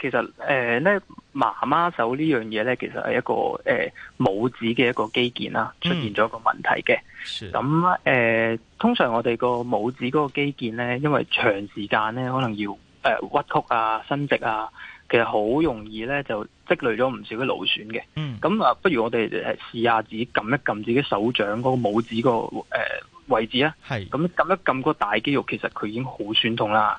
其實誒咧、呃，媽媽手這呢樣嘢咧，其實係一個誒拇指嘅一個肌腱啦，嗯、出現咗個問題嘅。咁誒是、呃，通常我哋個拇指嗰個肌腱咧，因為長時間咧可能要誒、呃、屈曲啊、伸直啊，其實好容易咧就積累咗唔少嘅勞損嘅。咁啊、嗯，不如我哋試下自己撳一撳自己手掌嗰個拇指個誒位置啊。係是。咁撳一撳個大肌肉，其實佢已經好酸痛啦。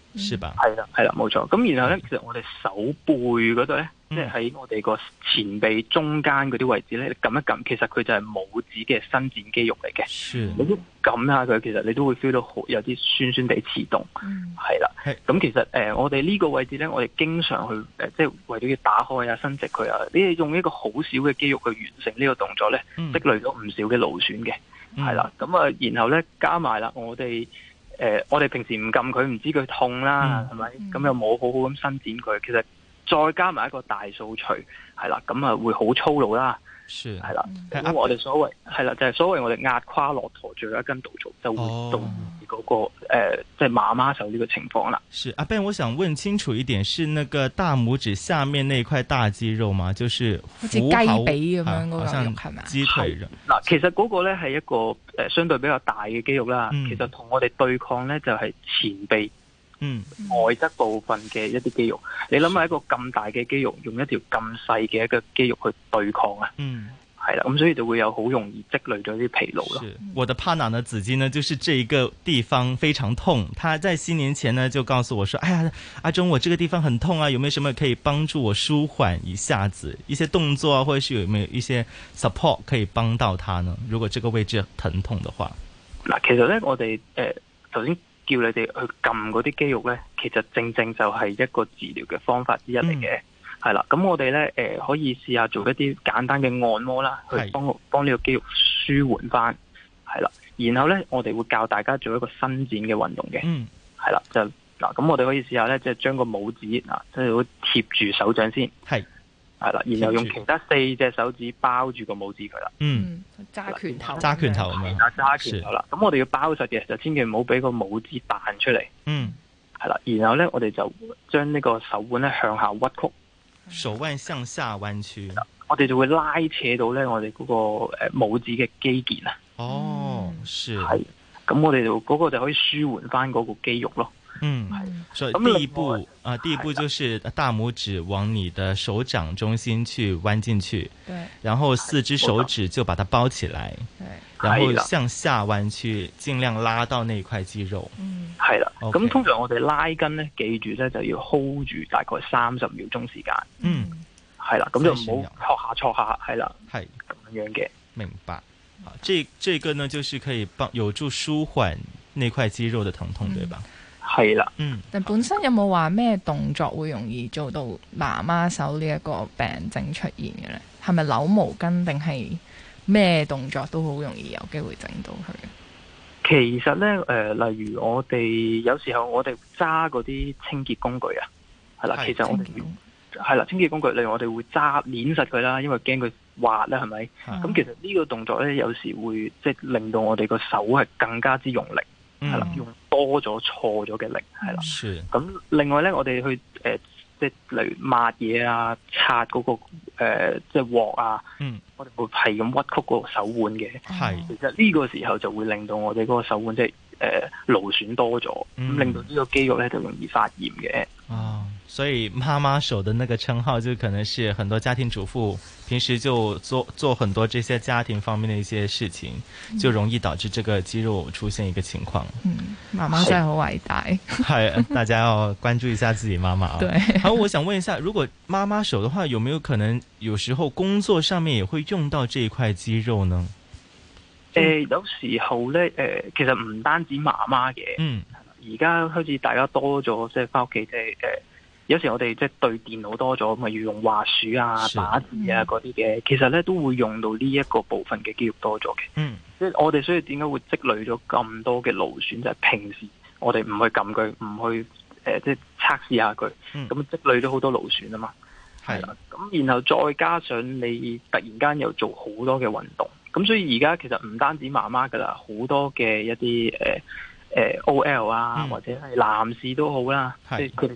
是吧？係啦，係啦，冇錯。咁然後咧，其實我哋手背嗰度咧，嗯、即係喺我哋個前臂中間嗰啲位置咧，撳一撳，其實佢就係拇指嘅伸展肌肉嚟嘅。是的你都撳下佢，其實你都會 feel 到好有啲酸酸地刺動。係啦，咁其實誒、呃，我哋呢個位置咧，我哋經常去誒，即係為咗要打開啊、伸直佢啊，你用一個好少嘅肌肉去完成呢個動作咧，積、嗯、累咗唔少嘅勞損嘅。係啦、嗯，咁啊，然後咧加埋啦，我哋。誒、呃，我哋平時唔撳佢，唔知佢痛啦，係咪、嗯？咁、嗯、又冇好好咁伸展佢，其實再加埋一個大掃除，係啦，咁啊會好粗魯啦。係啦，咁我哋所謂係啦，就係、是、所謂我哋壓垮駱駝最後一根稻草就、那個哦呃，就會導致嗰個誒，即係媽媽手呢個情況啦。是阿、啊、Ben，我想問清楚一點，是那個大拇指下面那塊大肌肉嗎？就是好似雞髀咁樣嗰個肌肉係嘛？係嗱、啊，吧其實嗰個咧係一個誒相對比較大嘅肌肉啦。嗯、其實同我哋對抗咧就係前臂。嗯，外側部分嘅一啲肌肉，是你諗下一個咁大嘅肌肉，用一條咁細嘅一個肌肉去對抗啊，嗯，係啦，咁所以就會有好容易積累咗啲疲勞咯。我的 partner 的子金呢，就是這一個地方非常痛。他在新年前呢就告訴我說：哎呀，阿中，我這個地方很痛啊，有沒有什麼可以幫助我舒緩一下子？一些動作啊，或者是有沒有一些 support 可以幫到他呢？如果這個位置疼痛的話，嗱，其實呢，我哋誒，首、呃、先。叫你哋去撳嗰啲肌肉咧，其實正正就係一個治療嘅方法之一嚟嘅，係啦、嗯。咁我哋咧，誒、呃，可以試下做一啲簡單嘅按摩啦，去幫幫呢個肌肉舒緩翻，係啦。然後咧，我哋會教大家做一個伸展嘅運動嘅，係啦、嗯。就嗱，咁我哋可以試下咧，即係將個拇指啊，即係會貼住手掌先，係。係啦，然後用其他四隻手指包住個拇指佢啦。嗯，揸拳頭，揸拳頭揸拳頭啦。咁我哋要包實嘅，就千祈唔好俾個拇指彈出嚟。嗯，係啦，然後咧，我哋就將呢個手腕咧向下屈曲。手腕向下彎曲。我哋就會拉扯到咧我哋嗰個誒拇指嘅肌腱啊。哦，是。係，咁我哋就嗰個就可以舒緩翻嗰個肌肉咯。嗯，所以第一步啊，第一步就是大拇指往你的手掌中心去彎進去，對，然後四隻手指就把它包起來，係啦，然後向下彎去，盡量拉到那塊肌肉，嗯，係啦。咁通常我哋拉筋呢，記住咧就要 hold 住大概三十秒鐘時間，嗯，係啦，咁就唔好挫下挫下，係啦，係咁樣嘅。明白。啊這這個呢，就是可以幫有助舒緩那塊肌肉的疼痛，對吧？係啦，嗯，但本身有冇話咩動作會容易做到媽媽手呢一個病症出現嘅咧？係咪扭毛巾定係咩動作都好容易有機會整到佢？其實咧，誒、呃，例如我哋有時候我哋揸嗰啲清潔工具啊，係啦的，其實我係啦，清潔工具，例如我哋會揸捏實佢啦，因為驚佢滑啦，係咪？咁、啊、其實呢個動作咧，有時會即係、就是、令到我哋個手係更加之用力。係啦、嗯，用多咗錯咗嘅力，係啦。咁的另外咧，我哋去誒、呃，即係例如抹嘢啊，擦嗰、那個誒、呃，即係鑊啊。嗯，我哋會係咁屈曲嗰個手腕嘅。係的，其實呢個時候就會令到我哋嗰個手腕即係誒勞損多咗，咁、嗯、令到呢個肌肉咧就容易發炎嘅。啊。所以媽媽手的那個稱號，就可能是很多家庭主婦平時就做做很多這些家庭方面的一些事情，就容易導致這個肌肉出現一個情況。嗯，媽媽真的好偉大。是 大家要關注一下自己媽媽啊。對。好、啊，我想問一下，如果媽媽手的話，有沒有可能有時候工作上面也會用到這一塊肌肉呢、嗯呃？有時候呢，呃、其實唔單止媽媽嘅，嗯，而家開始大家多咗，即係返屋企有時我哋即係對電腦多咗，咁咪要用滑鼠啊、打字啊嗰啲嘅，其實咧都會用到呢一個部分嘅肌肉多咗嘅。嗯，即係我哋所以點解會積累咗咁多嘅勞損，就係、是、平時我哋唔去撳佢，唔去、呃、即係測試下佢，咁、嗯、積累咗好多勞損啊嘛。係啦的，咁然後再加上你突然間又做好多嘅運動，咁所以而家其實唔單止媽媽噶啦，好多嘅一啲、呃呃、OL 啊，嗯、或者係男士都好啦，的即係佢哋。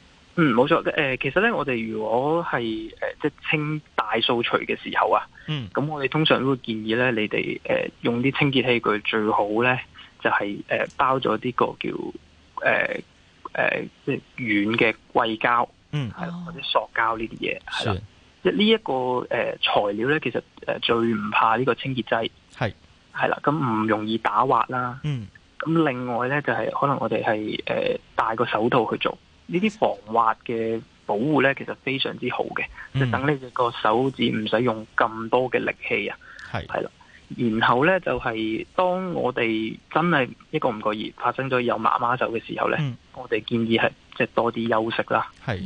嗯，冇錯。誒、呃，其實咧，我哋如果係誒、呃、即係清大掃除嘅時候啊，嗯，咁我哋通常都會建議咧，你哋誒、呃、用啲清潔器具最好咧，就係、是、誒、呃、包咗啲個叫誒誒、呃呃、即係軟嘅硅膠，嗯，係或者塑膠呢啲嘢，係啦。是的 即係呢一個誒、呃、材料咧，其實誒最唔怕呢個清潔劑，係係啦，咁唔容易打滑啦。嗯，咁另外咧就係、是、可能我哋係誒戴個手套去做。呢啲防滑嘅保護咧，其實非常之好嘅，就等、嗯、你嘅個手指唔使用咁多嘅力氣啊。係啦是，然後咧就係、是、當我哋真係一個唔覺意發生咗有媽媽手嘅時候咧，嗯、我哋建議係即、就是、多啲休息啦。係，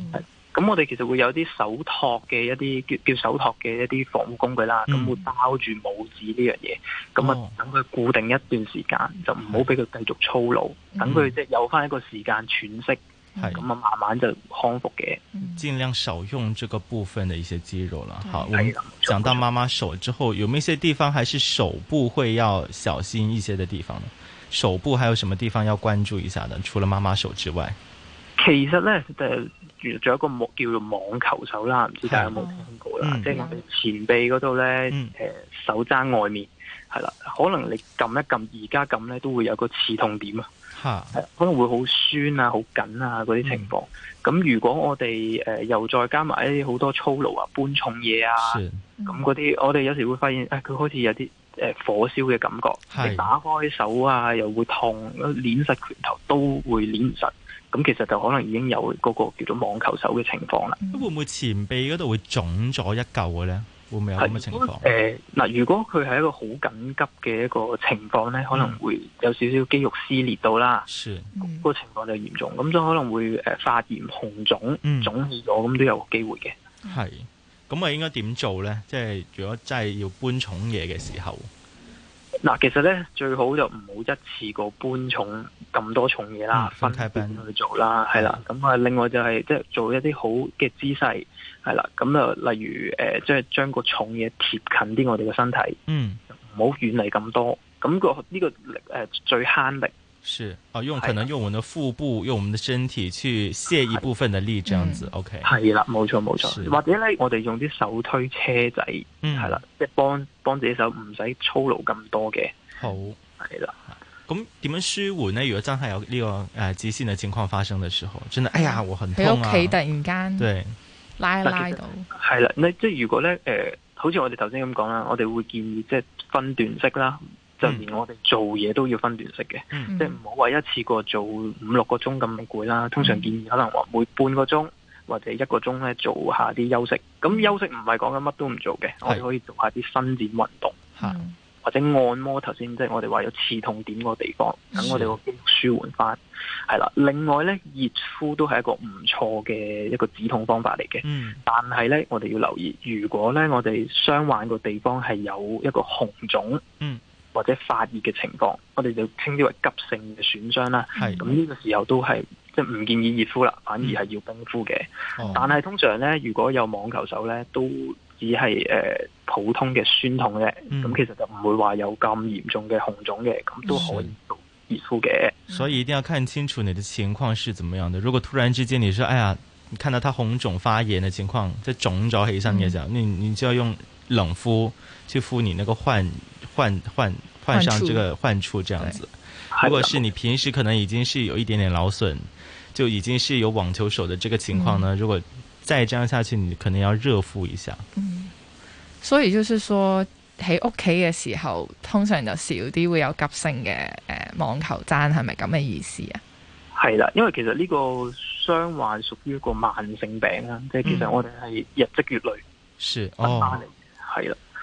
咁我哋其實會有啲手托嘅一啲叫叫手托嘅一啲防護工具啦，咁會、嗯、包住拇指呢樣嘢，咁啊等佢固定一段時間，嗯、就唔好俾佢繼續操勞，等佢即係有翻一個時間喘息。咁啊，嗯、慢慢就康復嘅。盡、嗯、量少用這個部分的一些肌肉啦。好，嗯、我講到媽媽手之後，嗯、有沒有一些地方還是手部會要小心一些的地方呢？手部還有什麼地方要關注一下呢？除了媽媽手之外，其實咧，誒、呃，仲有一個叫做網球手啦，唔知大家有冇聽過啦？啊嗯、即係前臂嗰度咧，誒、嗯呃，手踭外面係啦，可能你撳一撳，而家撳咧都會有個刺痛點啊。啊、可能會好酸啊、好緊啊嗰啲情況。咁、嗯、如果我哋誒、呃、又再加埋啲好多粗勞啊、搬重嘢啊，咁嗰啲我哋有時會發現，誒、啊、佢開始有啲誒、呃、火燒嘅感覺，是你打開手啊又會痛，捻實拳頭都會捻唔實。咁其實就可能已經有嗰個叫做網球手嘅情況啦。嗯、會唔會前臂嗰度會腫咗一嚿嘅咧？會唔會有噉嘅情況？係，如果誒嗱、呃，如果佢係一個好緊急嘅一個情況咧，可能會有少少肌肉撕裂到啦，嗯、嗰個情況就嚴重，咁就可能會誒發炎紅腫，腫起咗，咁都有個機會嘅。係，咁我應該點做咧？即係如果真係要搬重嘢嘅時候。嗱，其實咧最好就唔好一次過搬重咁多重嘢啦，嗯、分開分去做啦，係啦。咁啊，另外就係即係做一啲好嘅姿勢，係啦。咁啊，例如誒，即係將個重嘢貼近啲我哋嘅身體，嗯，唔好遠離咁多。咁、那個呢、這個誒、呃、最慳力。是，哦用可能用我哋的腹部，的用我哋的身體去卸一部分嘅力，這樣子是的，OK。係啦，冇錯冇錯，沒錯的或者咧，我哋用啲手推車仔，係啦、嗯，即係幫幫自己手，唔使操勞咁多嘅。嗯、是的好，係啦的。咁點樣舒緩咧？如果真係有呢個誒、這個呃、急性嘅情況發生嘅時候，真的，哎呀，我很痛啊！喺屋企突然間，對拉一拉到。係啦對，那即係如果咧，誒、呃，好似我哋頭先咁講啦，我哋會建議即係分段式啦。就連我哋做嘢都要分段式嘅，嗯、即係唔好話一次過做五六個鐘咁攰啦。嗯、通常建議可能話每半個鐘或者一個鐘咧做下啲休息。咁休息唔係講緊乜都唔做嘅，是我哋可以做下啲伸展運動，嗯、或者按摩。頭先即係我哋話有刺痛點個地方，等我哋個肌肉舒緩翻。係啦是，另外咧熱敷都係一個唔錯嘅一個止痛方法嚟嘅。嗯、但係咧我哋要留意，如果咧我哋傷患個地方係有一個紅腫，嗯。或者發熱嘅情況，我哋就稱之為急性嘅損傷啦。係、嗯，咁呢個時候都係即係唔建議熱敷啦，反而係要冰敷嘅。嗯、但係通常咧，如果有網球手咧，都只係誒、呃、普通嘅酸痛嘅，咁、嗯、其實就唔會話有咁嚴重嘅紅腫嘅，咁都可以熱敷嘅。所以一定要看清楚你嘅情況是怎麼樣嘅。如果突然之間，你說，哎呀，你看到他紅腫發炎嘅情況，即係腫咗起身嘅時候，嗯、你你就要用冷敷去敷你那個患患患患上這個患處這樣子，對如果是你平時可能已經是有一點點勞損，就已經是有網球手的這個情況呢。嗯、如果再這樣下去，你可能要熱敷一下、嗯。所以就是說喺屋企嘅時候，通常就少啲會有急性嘅，呃、網球爭，係咪咁嘅意思啊？係啦，因為其實呢個傷患屬於一個慢性病啦、啊，嗯、即係其實我哋係日積月累，是哦，係啦、嗯。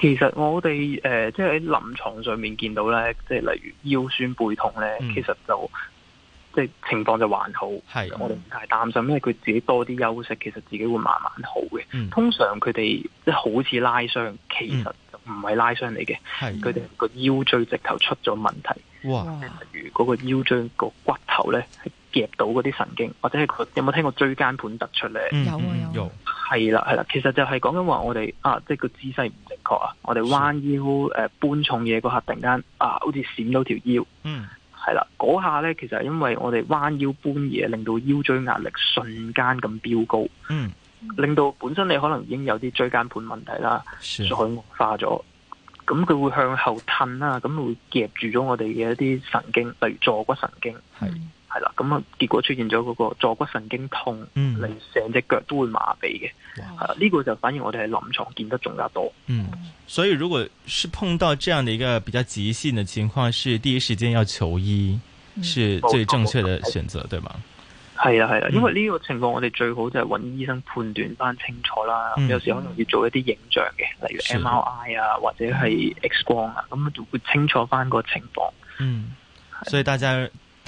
其實我哋誒、呃，即係喺臨床上面見到咧，即係例如腰酸背痛咧，嗯、其實就即係情況就還好。係是我哋唔太擔心，因為佢自己多啲休息，其實自己會慢慢好嘅。嗯、通常佢哋即係好似拉傷，其實就唔係拉傷嚟嘅。係佢哋個腰椎直頭出咗問題。哇！例如嗰個腰椎個骨頭咧，係夾到嗰啲神經，或者係佢有冇聽過椎間盤突出咧？有啊，有。係啦，係啦，其實就係講緊話我哋啊，即係個姿勢唔正確啊，我哋彎腰誒、呃、搬重嘢嗰下突然間啊，好似閃到條腰。嗯，係啦，嗰下咧其實係因為我哋彎腰搬嘢，令到腰椎壓力瞬間咁飆高。嗯，令到本身你可能已經有啲椎間盤問題啦，的再惡化咗，咁佢會向後褪啦，咁會夾住咗我哋嘅一啲神經，例如坐骨神經。係、嗯。係啦，咁啊，結果出現咗嗰個坐骨神經痛，令成隻腳都會麻痹嘅。係呢個就反而我哋喺臨床見得仲加多。嗯，所以如果是碰到這樣的一個比較急性的情況，是第一時間要求醫，是最正確的選擇，對嗎？係啦係啦，因為呢個情況我哋最好就係揾醫生判斷翻清楚啦。有時可能要做一啲影像嘅，例如 MRI 啊，或者係 X 光啊，咁就會清楚翻個情況。嗯，所以大家。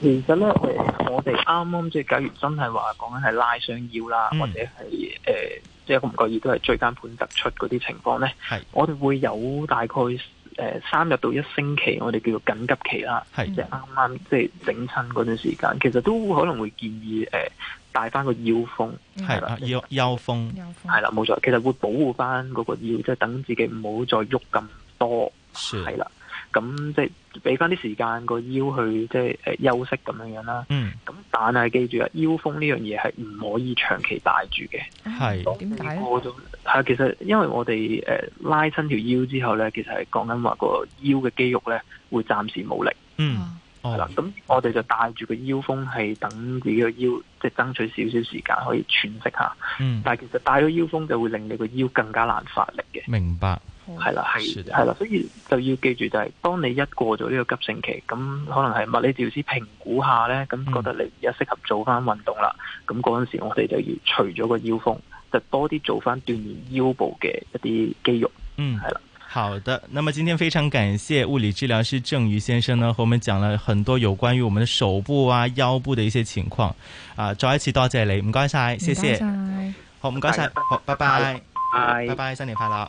其實咧，誒、呃，我哋啱啱即係假如真係話講緊係拉傷腰啦，嗯、或者係誒，即係一個唔覺意都係椎間盤突出嗰啲情況咧，係我哋會有大概誒、呃、三日到一星期，我哋叫做緊急期啦，即係啱啱即係整親嗰段時間，其實都可能會建議誒、呃、帶翻個腰封，係啦、嗯，是啊、腰是、啊、腰封，腰係啦，冇、啊、錯，其實會保護翻嗰個腰，即係等自己唔好再喐咁多，係啦。咁即係俾翻啲時間個腰去即係誒休息咁樣樣啦。嗯，咁但係記住啊，腰封呢樣嘢係唔可以長期戴住嘅。係點解咧？其實因為我哋誒拉伸條腰之後咧，其實係講緊話個腰嘅肌肉咧會暫時冇力。嗯，係啦了。咁、哦、我哋就戴住個腰封係等自己個腰即係爭取少少時間可以喘息下。嗯、但係其實戴咗腰封就會令你個腰更加難發力嘅。明白。係啦，係係啦，所以就要記住就係，當你一過咗呢個急性期，咁可能係物理治療師評估下咧，咁覺得你而家適合做翻運動啦。咁嗰陣時，我哋就要除咗個腰封，就多啲做翻鍛煉腰部嘅一啲肌肉。嗯，係啦，好的。那麼今天非常感謝物理治療師鄭璵先生呢，和我們講了很多有關於我們的手部啊、腰部的一些情況啊。再一次多謝你，唔該晒，謝謝。好，唔該晒，好，拜拜，拜拜，新年快樂。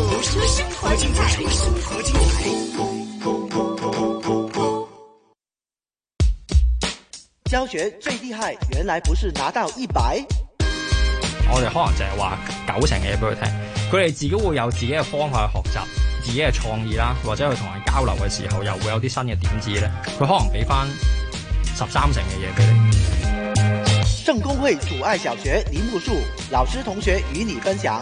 生活精彩，生活精彩。教學最厲害，原來不是拿到一百。我哋可能就係話九成嘅嘢俾佢聽，佢哋自己會有自己嘅方法去學習，自己嘅創意啦，或者去同人交流嘅時候，又會有啲新嘅點子咧。佢可能俾翻十三成嘅嘢俾你。聖公會主愛小學梨木樹老師同學與你分享。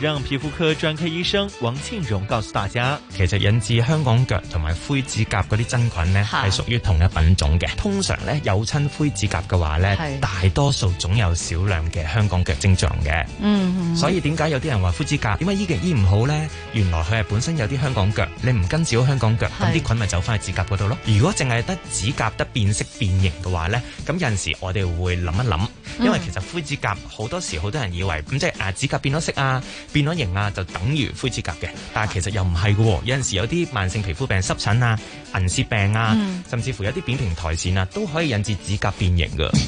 讓皮膚科專科醫生王慶榮告訴大家，其實引致香港腳同埋灰指甲嗰啲真菌呢係屬於同一品種嘅。通常呢有親灰指甲嘅話呢是大多數總有少量嘅香港腳症狀嘅，嗯。嗯，所以點解有啲人話灰指甲點解醫嘅醫唔好呢？原來佢係本身有啲香港腳，你唔跟治好香港腳，咁啲是菌咪走翻去指甲嗰度咯。如果淨係得指甲得變色變形嘅話呢，咁有陣時我哋會諗一諗，嗯、因為其實灰指甲好多時好多人以為咁即係指甲變咗色啊。變咗型啊，就等於灰指甲嘅，但係其實又唔係嘅，有陣時候有啲慢性皮膚病、濕疹啊、銀屑病啊，嗯、甚至乎有啲扁平苔蘚啊，都可以引致指甲變形。嘅、嗯。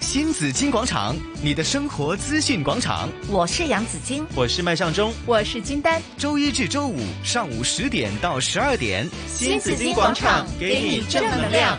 新紫荊廣場，你的生活資訊廣場，我是楊紫晶，我是麥尚中，我是金丹，周一至周五上午十點到十二點，新紫荊廣場，給你正能量。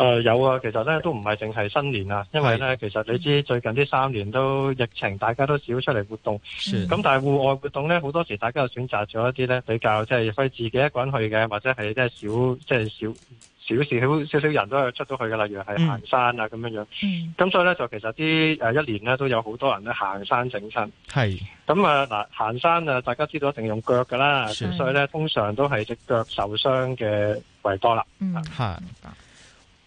誒、呃，有啊，其實咧都唔係淨係新年啊，因為咧是其實你知最近呢三年都疫情，大家都少出嚟活動。咁是但係戶外活動咧，好多時大家又選擇咗一啲咧比較即係可以自己一個人去嘅，或者係即係少即係少少少少少人都係出咗去嘅，例如係行山啊咁樣樣。咁是所以咧就其實啲誒一年咧都有好多人咧行山整親，係咁啊嗱，行山啊是、呃，大家知道一定用腳噶啦，是所以咧通常都係隻腳受傷嘅為多啦。是嗯嗯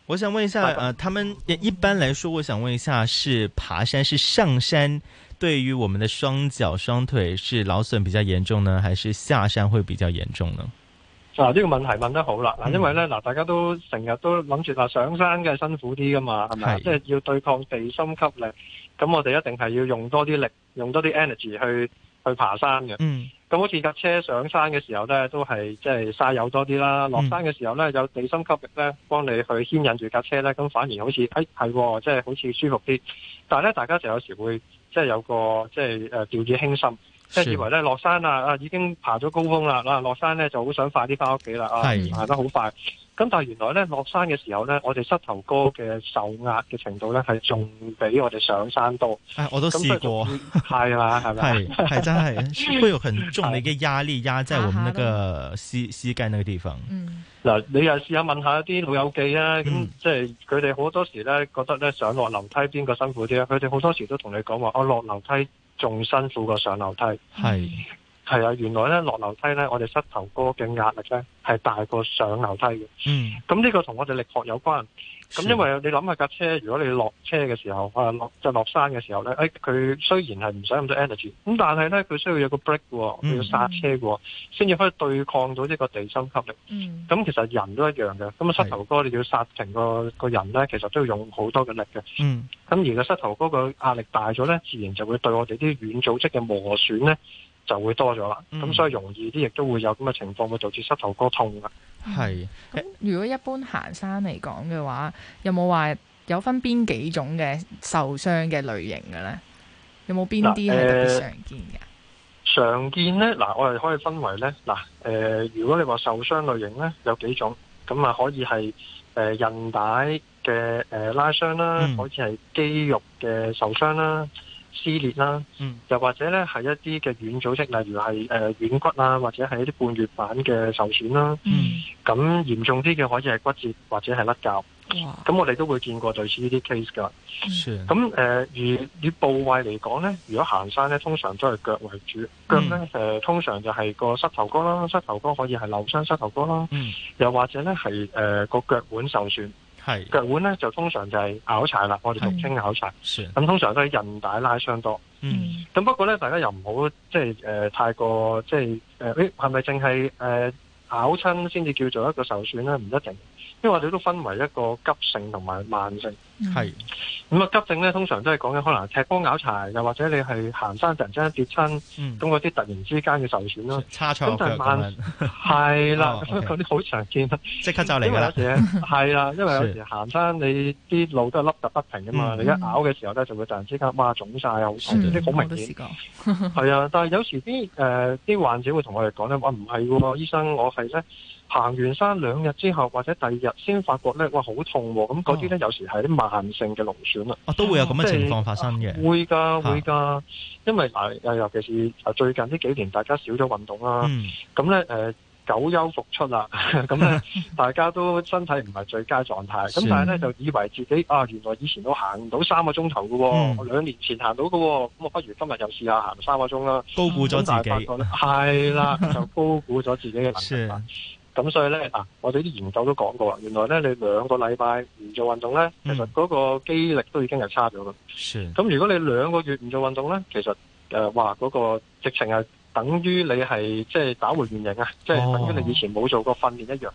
我想問一下，誒、呃，他們一般來說，我想問一下，是爬山是上山，對於我們的雙腳雙腿是勞損比較嚴重呢，還是下山會比較嚴重呢？啊，呢個問題問得好啦，嗱，因為咧嗱，大家都成日都諗住話上山嘅辛苦啲噶嘛，係咪？是的即係要對抗地心吸力，咁我哋一定係要用多啲力，用多啲 energy 去去爬山嘅。嗯。咁好似架車上山嘅時候咧，都係即係嘥油多啲啦。落山嘅時候咧，有地心吸力咧，幫你去牽引住架車咧，咁反而好似誒係，即、哎、係、哦即係、好似舒服啲。但係咧，大家就有時會即係、即係、有個即係誒掉以輕心，即係以為咧落山啊啊已經爬咗高峰啦，嗱、啊、落山咧就好想快啲翻屋企啦啊，行得好快。咁但係原來咧落山嘅時候咧，我哋膝頭哥嘅受壓嘅程度咧係仲比我哋上山多，哎。我都試過，係啦、嗯，係咪？係真係會有很重嘅一個壓力壓在我們那個膝膝蓋那個地方。嗱、 嗯，你又試下問下一啲老友記啊，咁即係佢哋好多時咧覺得咧上落樓梯邊個辛苦啲啊？佢哋好多時都同你講話，我落樓梯仲辛苦過上樓梯。係。係啊，原來咧落樓梯咧，我哋膝頭哥嘅壓力咧係大過上樓梯嘅。嗯，咁呢個同我哋力學有關。咁的因為你諗下架車，如果你落車嘅時候，落，啊、就落山嘅時候咧，誒、哎、佢雖然係唔使咁多 energy，咁但係咧佢需要有個 break 喎，佢要剎車喎，先至，嗯、可以對抗到呢個地心吸力。咁，嗯嗯、其實人都一樣嘅，咁啊膝頭哥你要剎停個個人咧，其實都要用好多嘅力嘅。嗯，咁而個膝頭哥個壓力大咗咧，自然就會對我哋啲軟組織嘅磨損咧。就會多咗啦，咁、嗯、所以容易啲，亦都會有咁嘅情況，會導致膝頭哥痛噶。係。如果一般行山嚟講嘅話，有冇話有，有分邊幾種嘅受傷嘅類型嘅呢？有冇邊啲係特別常見嘅，呃呃？常見呢？嗱、呃，我哋可以分為呢。嗱、誒，如果你話受傷類型呢，有幾種，咁啊可以係誒韌帶嘅誒、呃、拉傷啦，好似係肌肉嘅受傷啦。撕裂啦，又或者咧係一啲嘅軟組織，例如係誒軟骨啊，或者係一啲半月板嘅受損啦。咁嚴、嗯、重啲嘅可以係骨折或者係甩臼。咁哇我哋都會見過類似呢啲 case 噶。咁誒、嗯，如啲部位嚟講咧，如果行山咧，通常都係腳為主。腳咧誒，通常就係個膝頭哥啦，膝頭哥可以係扭傷膝頭哥啦，又或者咧係誒個腳腕受損。係腳腕咧就通常就係拗柴啦，我哋俗稱嘅拗柴。咁是、嗯、通常都係韌帶拉傷多。咁、嗯、不過咧，大家又唔好即係誒，太過即係、呃、誒，誒係咪淨係誒拗親先至叫做一個受損咧？唔一定。即係話你都分為一個急性同埋慢性，係咁啊！急性咧通常都係講緊可能踢波、咬柴，又或者你係行山突然之間跌親，咁嗰啲突然之間嘅受損咯，擦錯腳係啦，嗰啲好常見，即刻就嚟噶。係啦，因為有時行山你啲路都係凹凸不平啊嘛，你一咬嘅時候咧就會突然之間哇腫晒啊，好痛，即好明顯。係啊，但係有時啲誒啲患者會同我哋講咧，話唔係喎，醫生我係咧。.行完山兩日之後，或者第二日先發覺咧，哇好痛咁，嗰啲咧有時係啲慢性嘅勞損啊，都會有咁嘅情況發生嘅，會噶會噶，因為嗱尤其是最近呢幾年大家少咗運動啦，咁咧誒久休復出啦，咁咧大家都身體唔係最佳狀態，咁但係咧就以為自己啊，原來以前都行唔到三個鐘頭噶，兩年前行到噶，咁我不如今日又試下行三個鐘啦，高估咗自己，係啦，就高估咗自己嘅能力。咁所以咧，啊，我哋啲研究都講過，原來咧你兩個禮拜唔做運動咧，嗯、其實嗰個肌力都已經係差咗嘅。咁是如果你兩個月唔做運動咧，其實誒話嗰個直情係等於你係即係打回原形啊，哦、即係等於你以前冇做過訓練一樣。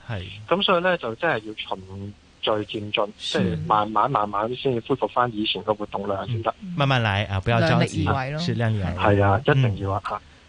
咁是，所以咧就真係要循序漸進，是即係慢慢慢慢先至恢復翻以前嘅活動量先得。慢慢嚟啊，不要張揚。量力而為咯，係啊，一定要、啊嗯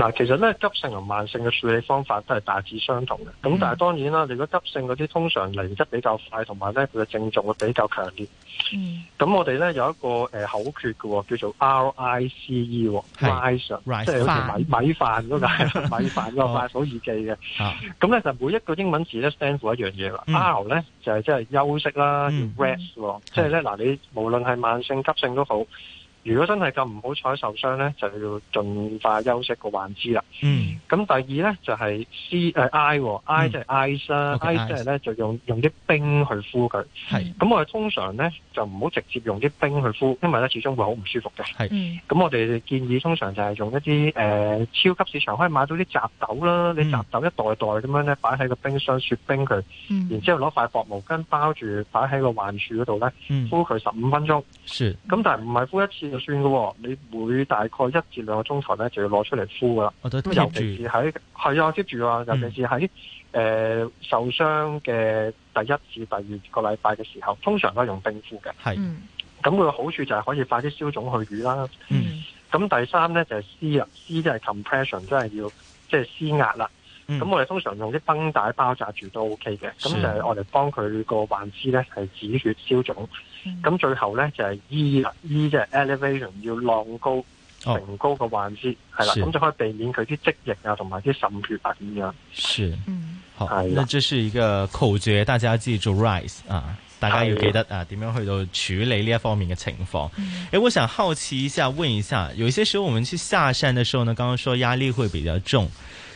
嗱，其實咧急性同慢性嘅處理方法都係大致相同嘅。咁但係當然啦，你如果急性嗰啲通常嚟得比較快，同埋咧佢嘅症狀會比較強啲。咁我哋咧有一個誒口訣嘅，叫做 RICE，rice 即係好似米米飯嗰個米飯個快手易記嘅。咁咧就每一個英文字咧 stand for 一樣嘢啦。R 咧就係即係休息啦，叫 rest 喎。即係咧嗱，你無論係慢性、急性都好。如果真係咁唔好彩受傷咧，就要盡快休息個患肢啦。嗯。咁第二咧就係、是、C 誒 I，I 即係 Ice 啦，I 即係咧就用用啲冰去敷佢。係。咁、嗯嗯、我哋通常咧就唔好直接用啲冰去敷，因為咧始終會好唔舒服嘅。係。咁、嗯、我哋建議通常就係用一啲誒、呃、超級市場可以買到啲雜豆啦，你雜豆一袋袋咁樣咧擺喺個冰箱雪冰佢，嗯、然之後攞塊薄毛巾包住擺喺個患處嗰度咧敷佢十五分鐘。是。咁但係唔係敷一次。就算你每大概一至兩個鐘頭咧，就要攞出嚟敷噶啦。我尤其是喺係啊，接住啊，尤其是喺、嗯呃、受傷嘅第一至第二個禮拜嘅時候，通常都係用冰敷嘅。係，咁佢嘅好處就係可以快啲消腫去瘀啦。咁、嗯、第三咧就係施壓，施即係 compression，即係要即係施壓啦。咁、嗯、我哋通常用啲繃帶包紮住都 O K 嘅，咁就係我哋幫佢個患肢咧係止血消腫，咁最後咧就係、是、醫、e，啊、e、醫即係 elevation 要浪高平高個患肢係啦，咁就可以避免佢啲積液啊同埋啲滲血啊點樣。是，好，了那這是一個口訣，大家要記住 RICE 啊，大家要記得的啊，點樣去到處理呢一方面嘅情況。誒、嗯欸，我想好奇一下，問一下，有些時候我們去下山嘅時候呢，剛剛說壓力會比較重。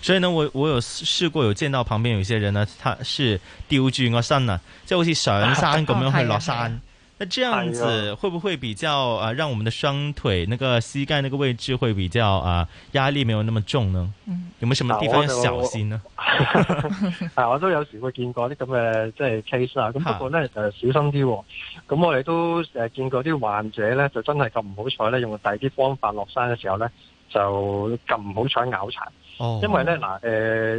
所以呢，我我有試過有見到旁邊有些人呢，他是吊住個身啊，即係好似上山咁樣去落山。那、啊、這樣子會不會比較啊，讓我們的雙腿那個膝蓋那個位置會比較啊壓力沒有那麼重呢？有沒有冇什麼地方要小心呢？啊，我都有時會見過啲咁嘅即係 case 啊，咁不過呢，誒、呃、小心啲、哦，咁我哋都誒見過啲患者，咧就真係咁唔好彩咧，用第二啲方法落山嘅時候咧就咁唔好彩咬殘。呃 因為咧嗱，誒、呃，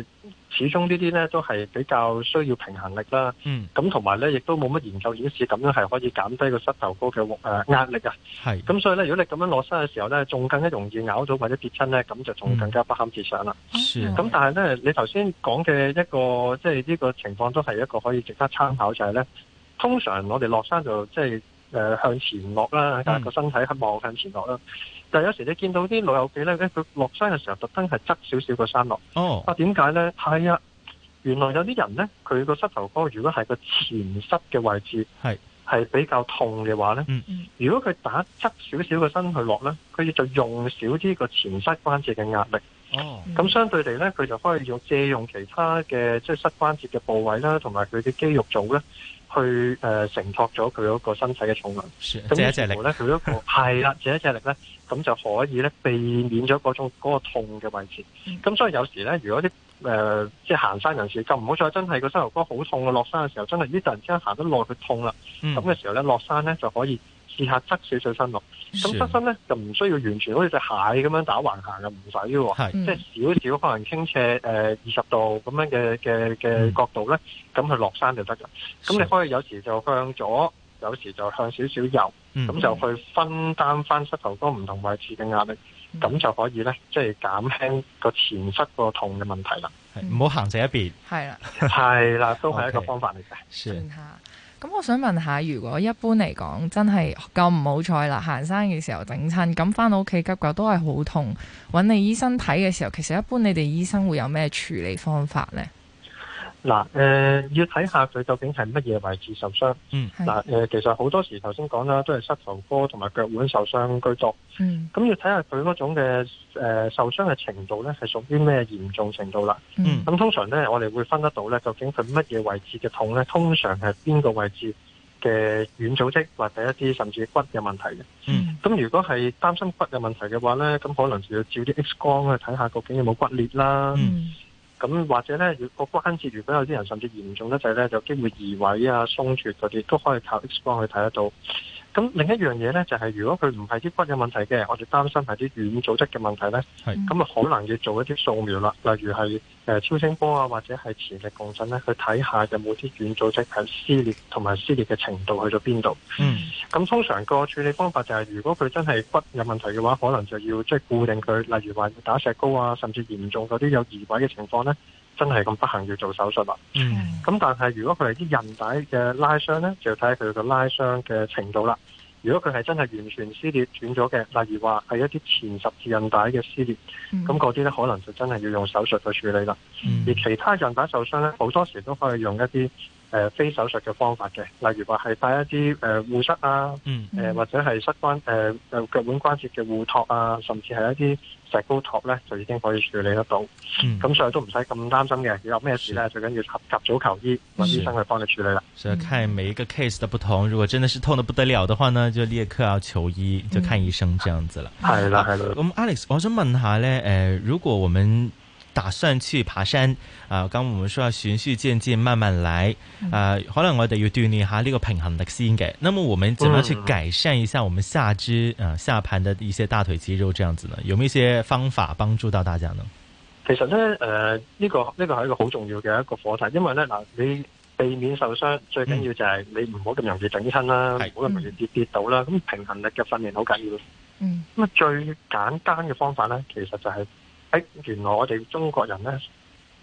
始終呢啲咧都係比較需要平衡力啦。嗯。咁同埋咧，亦都冇乜研究顯示咁樣係可以減低個膝頭哥嘅誒壓力啊。係是。咁所以咧，如果你咁樣落山嘅時候咧，仲更加容易咬到或者跌親咧，咁就仲更加不堪設想啦。咁、嗯、但係咧，你頭先講嘅一個即係呢個情況都係一個可以值得參考就係咧，通常我哋落山就即係誒向前落啦，大家個身體向望、嗯、向前落啦。但有時你見到啲老友記呢，佢落山嘅時候特登係側少少個山落。哦，啊點解呢？係啊，原來有啲人呢，佢個膝頭哥如果係個前膝嘅位置，係比較痛嘅話呢，是如果佢打側少少個身去落呢，佢、mm. 就用少啲個前膝關節嘅壓力。哦，咁相對地呢，佢就可以用借用其他嘅即係膝關節嘅部位啦，同埋佢嘅肌肉組呢。去誒、呃、承托咗佢嗰個身體嘅重量，咁之 後咧佢都係啦，借一隻力咧，咁就可以咧避免咗嗰種嗰、嗰個痛嘅位置。咁、嗯、所以有時咧，如果啲誒、呃、即係行山人士，咁唔好再真係個膝頭哥好痛嘅落山嘅時候，真係呢突然之間行得耐佢痛啦。咁嘅、嗯、時候咧，落山咧就可以試下側少少身落。咁側身咧就唔需要完全好似隻蟹咁樣打橫行嘅，唔使喎。即係少少可能傾斜誒二十度咁樣嘅嘅嘅角度咧，咁去落山就得噶。咁是你可以有時就向左，有時就向少少右，咁、嗯、就去分擔翻膝頭哥唔同位置嘅壓力，咁、嗯、就可以咧，即係減輕個前膝個痛嘅問題啦。唔好行只一邊，係啦，係啦，都係一個方法嚟嘅。的咁我想問下，如果一般嚟講真係咁唔好彩啦，行山嘅時候整親，咁翻到屋企急救都係好痛，揾你醫生睇嘅時候，其實一般你哋醫生會有咩處理方法呢？嗱，誒、呃、要睇下佢究竟係乜嘢位置受傷。嗯，嗱、呃，其實好多時頭先講啦，都係膝頭哥同埋腳腕受傷居多。嗯，咁要睇下佢嗰種嘅、呃、受傷嘅程度咧，係屬於咩嚴重程度啦？嗯，咁通常咧，我哋會分得到咧，究竟佢乜嘢位置嘅痛咧？通常係邊個位置嘅軟組織或者一啲甚至骨嘅問題嘅。嗯，咁如果係擔心骨嘅問題嘅話咧，咁可能就要照啲 X 光去睇下究竟有冇骨裂啦。嗯。咁或者咧，如果個關節如果有啲人甚至嚴重得滯咧，就有機會移位啊、鬆脱嗰啲，都可以靠 X 光去睇得到。咁另一樣嘢咧，就係、係、如果佢唔係啲骨有問題嘅，我哋擔心係啲軟組織嘅問題咧。咁啊係可能要做一啲掃描啦，例如係誒超聲波啊，或者係磁力共振咧，去睇下有冇啲軟組織係撕裂，同埋撕裂嘅程度去到邊度。嗯，咁通常個處理方法就係、係，如果佢真係骨有問題嘅話，可能就要即係固定佢，例如話打石膏啊，甚至嚴重嗰啲有移位嘅情況咧。真係咁不幸要做手術啦。咁、嗯、但係如果佢係啲韌帶嘅拉傷咧，就要睇下佢個拉傷嘅程度啦。如果佢係真係完全撕裂斷咗嘅，例如話係一啲前十字韌帶嘅撕裂，咁嗰啲咧可能就真係要用手術去處理啦。嗯、而其他韌帶受傷咧，好多時都可以用一啲、呃、非手術嘅方法嘅，例如話係帶一啲誒、呃、護膝啊，嗯呃、或者係膝關誒腳腕關節嘅護托啊，甚至係一啲。高咧就已經可以處理得到，咁所以都唔使咁擔心嘅。有咩事咧，最緊是要及早求醫，搵醫生去幫你處理啦。所以看每一個 case 的不同，如果真的是痛得不得了的話呢，就立刻要求醫，嗯、就看醫生這樣子啦。係啦係啦，咁、啊、Alex，我想問下咧，誒、呃，如果我們。打算去爬山啊！咁、呃、我們說要循序漸進，慢慢來。誒、嗯呃，可能我哋要鍛煉下呢個平衡力先嘅。那麼我們點樣去改善一下我們下肢啊、嗯、下盤、呃、的一些大腿肌肉這樣子呢？有沒有一些方法幫助到大家呢？其實咧，誒、呃、呢、這個呢、這個係一個好重要嘅一個課題，因為呢，嗱、呃，你避免受傷、嗯、最緊要就係你唔好咁容易整親啦，唔好咁容易跌跌到啦。咁、嗯、平衡力嘅訓練好緊要。嗯。咁啊，最簡單嘅方法呢，其實就係、是。原來我哋中國人咧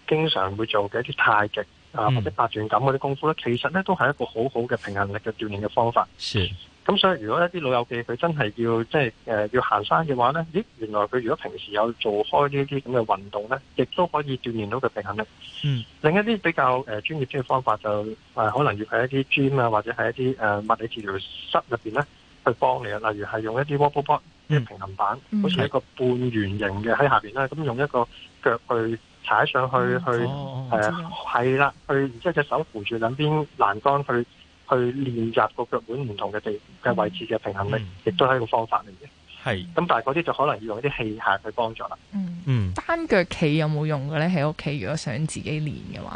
經常會做嘅一啲太極啊或者八段錦嗰啲功夫咧，其實咧都係一個好好嘅平衡力嘅鍛煉嘅方法。是的。咁所以如果一啲老友記佢真係要即係誒要行山嘅話咧，咦，原來佢如果平時有做開呢啲咁嘅運動咧，亦都可以鍛煉到個平衡力。嗯。另一啲比較誒專業啲嘅方法就誒、呃、可能要喺一啲 gym 啊或者係一啲誒、呃、物理治療室入邊咧去幫你啊，例如係用一啲 wobble board 嗯、平衡板，好似、嗯、一個半圓形嘅喺下邊啦，咁用一個腳去踩上去，嗯、去誒係啦，去然之後隻手扶住兩邊欄杆，去去練習個腳本唔同嘅地嘅位置嘅平衡力，亦都係一個方法嚟嘅。係是，咁但係啲就可能要用啲器械去幫助啦。嗯嗯，單腳企有冇用嘅咧？喺屋企如果想自己練嘅話，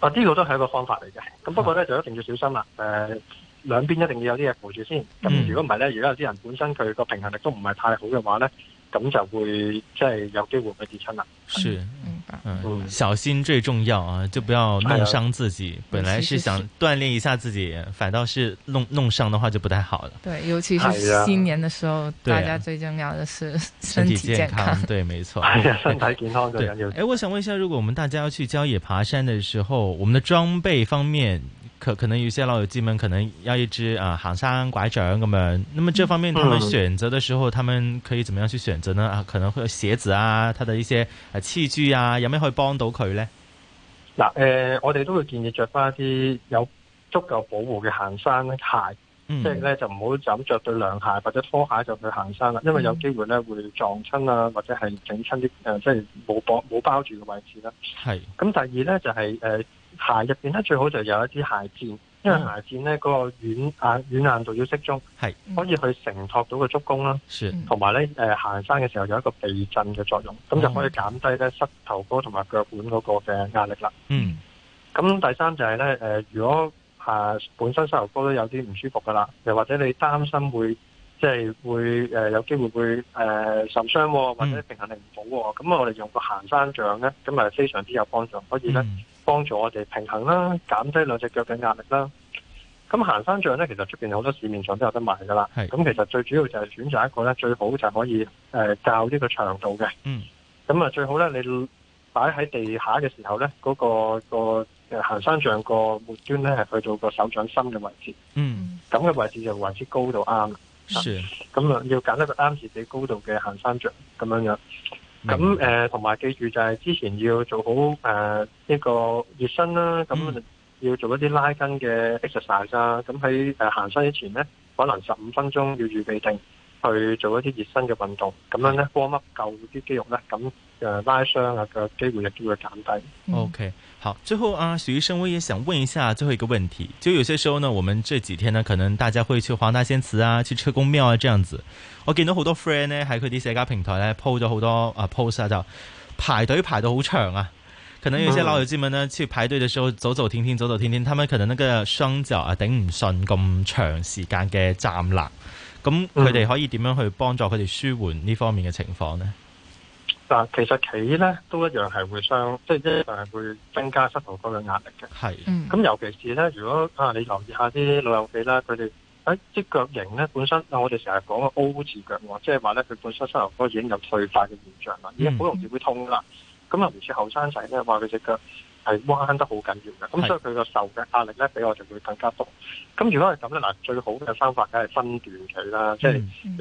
啊，呢、呢個都係一個方法嚟嘅。咁不過咧就一定要小心啦。誒、呃。兩邊一定要有啲嘢扶住先，咁、嗯、如果唔係咧，如果有啲人本身佢個平衡力都唔係太好嘅話咧，咁就會即係、就是、有機會會跌親啦。是，嗯，嗯，小心最重要啊，就不要弄傷自己。哎、呀本來是想鍛煉一下自己，是是是反倒是弄弄傷的話就不太好了。對，尤其是新年的時候，的大家最重要的是身體健康。對，健康對，沒錯。哎、身體健康最重要對、哎、我想問一下，如果我們大家要去郊野爬山的時候，我們的裝備方面？可，可能有些老友記們可能要一支啊行山拐杖，咁樣，咁麼這方面他們選擇的時候，嗯嗯、他們可以怎麼樣去選擇呢？啊，可能會有鞋子啊，佢哋一些器具啊，有咩可以幫到佢呢？嗱，誒，我哋都會建議着翻一啲有足夠保護嘅行山鞋，嗯、即係咧就唔好就咁着對涼鞋或者拖鞋就去行山啦，因為有機會咧、嗯、會撞親啊，或者係整親啲即係冇包冇包住嘅位置啦。係是，咁、嗯、第二呢，就係、是、誒。呃鞋入邊咧最好就有一支鞋墊，因為鞋墊咧嗰個軟硬軟硬度要適中，係是可以去承托到個足弓啦，同埋咧誒行山嘅時候有一個避震嘅作用，咁、嗯、就可以減低咧膝頭哥同埋腳腕嗰個嘅壓力啦。嗯，咁第三就係咧誒，如果鞋、呃、本身膝頭哥都有啲唔舒服噶啦，又或者你擔心會即係會誒、呃、有機會會誒、呃、受傷、哦，或者平衡力唔好、哦，咁、嗯、我哋用個行山杖咧，咁咪非常之有幫助，可以咧。嗯幫助我哋平衡啦，減低兩隻腳嘅壓力啦。咁行山杖咧，其實出邊好多市面上都有得賣噶啦。咁是，其實最主要就係選擇一個咧，最好就是可以誒較呢個長度嘅。嗯。咁啊，最好咧，你擺喺地下嘅時候咧，嗰、嗰個、嗰個誒行山杖個末端咧係去到個手掌心嘅位置。嗯。咁嘅位置就為之高度啱。是。咁啊，要揀一個啱自己高度嘅行山杖咁樣樣。咁誒，同埋、呃、記住就係之前要做好誒呢、呃，這個熱身啦。咁要做一啲拉筋嘅 exercise 啦。啊、呃。咁喺行山之前呢，可能十五分鐘要預備定去做一啲熱身嘅運動，咁樣呢幫乜夠啲肌肉呢？咁。呃、拉傷啊嘅機會亦都會減低。OK，好，最後啊，許醫生，我也想問一下最後一個問題。就有些時候呢，我們這幾天呢，可能大家會去黃大仙祠啊，去車公廟啊，這樣子。我見到好多 friend 呢，喺佢啲社交平台呢，po 咗好多啊 post 啊，就排隊排到好長啊。可能有些老友仔們呢、mm hmm. 去排隊嘅時候，走走停停，走走停停，他們可能呢個雙腳啊頂唔順咁長時間嘅站立，咁佢哋可以點樣去幫助佢哋舒緩呢方面嘅情況呢？Mm hmm. 啊，其實企咧都一樣係會傷，即係即係會增加膝頭哥嘅壓力嘅。係的，咁、嗯、尤其是咧，如果啊，你留意下啲老友記啦，佢哋哎啲腳型咧，本身，我哋成日講嘅 O 字腳，即係話咧佢本身膝頭哥已經有退化嘅現象啦，已經好容易會痛啦。咁啊唔似後生仔咧話佢隻腳，係彎得好緊要嘅，咁所以佢個受嘅壓力咧，比我哋就會更加多。咁如果係咁咧，嗱最好嘅方法梗係分段佢啦，嗯、即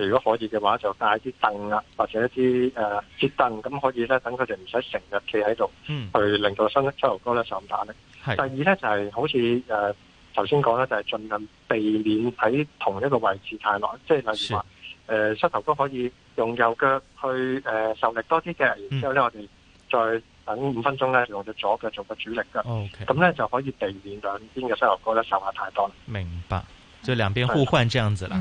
係如果可以嘅話，就帶啲凳啊，或者一啲誒折凳，咁、呃、可以咧等佢哋唔使成日企喺度，嗯、去令到膝頭哥咧受打力。是第二咧就係好似誒頭先講咧，就係、是呃、盡量避免喺同一個位置太耐，即係例如話誒是、呃、膝頭哥可以用右腳去誒、呃、受力多啲嘅，然之後咧我哋再。等五分鐘呢，用隻左腳做個主力噶，咁呢就可以避免兩邊嘅膝頭哥咧受壓太多。明白，就兩邊互換這樣子啦。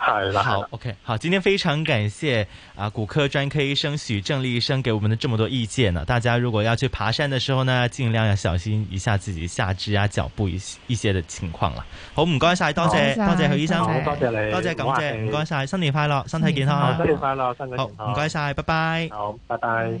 係啦，好 OK，好，今天非常感謝啊骨科專科醫生許正力醫生給我們的這麼多意見呢。大家如果要去爬山的時候呢，盡量要小心一下自己下肢啊、腳步一一些的情況啦。好，唔該晒，多謝多謝許醫生，多謝你，多謝感謝，唔該晒，新年快樂，身體健康，新年快樂，身體好，唔該晒，拜拜，好，拜拜。